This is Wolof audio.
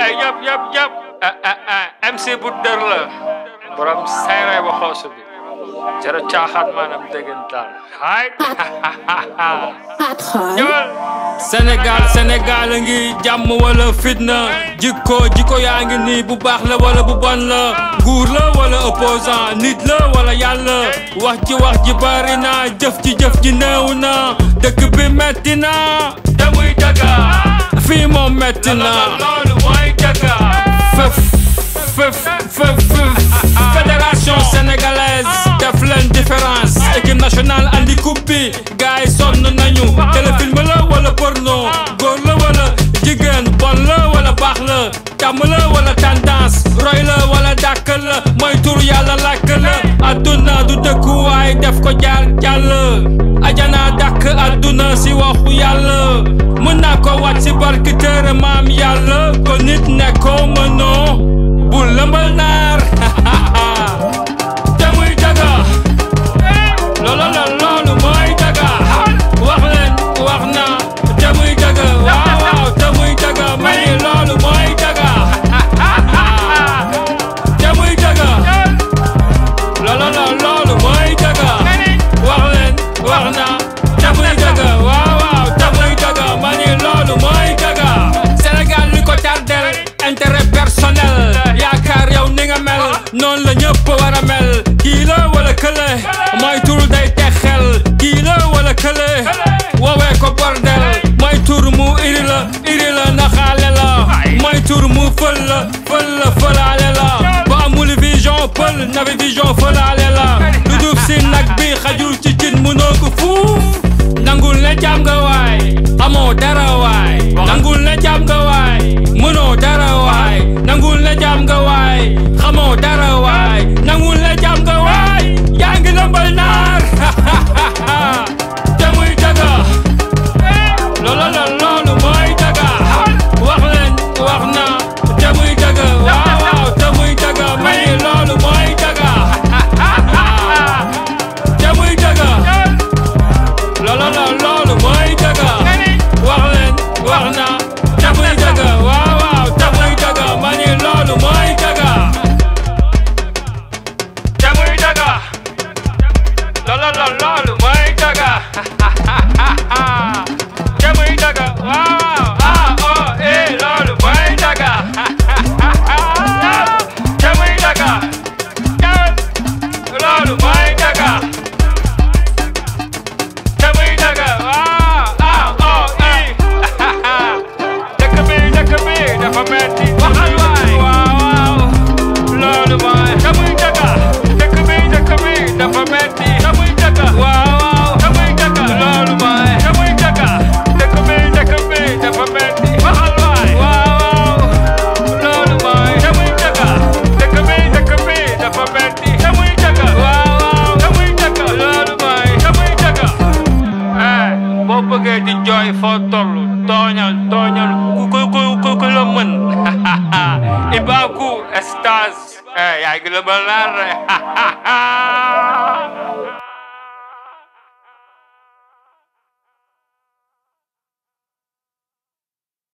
ay yab yab yab MC bu dër la borom sayray ba xoosu bi jërë caaxaan maanaam dëggantaan hay Sénégal Sénégal a ngi jàmm wala fitna jikko jikko yaa ngi nii bu baax la wala bu bon la nguur la wala opposant nit la wala yàlla wax ci wax bari na jëf ci jëf ji na dëkk bi metti na damuy daga fii moom metti na féf féf féf fédération sénégalaise def leen différence équipe nationale andi coupe bi gars yi sonn nañu téléfilm la wala porno góor la wala jigéen bon la wala baax la tàmm la wala tendance roy la wala dàkk la mooy tur yàlla làkk la adduna du dëkku waaye def ko jaar jàll ajana dàkk adduna si waxu yàlla naa ko wàcc barki tërë maam yàlla ko nit ne ko mënoo bu lëmbal naa kële mooy day texel kii la wala kële woowee ko bordel mooy tur mu iri la iri la naxaale la mooy tur mu fël la fël la la ba amul vision pël nafi vision fëlaale la lu dub si nag xajul ci cin mënoo ko fuuf nangul ne jaam nga waa Mãe da Gaia. yaay gi la ba laar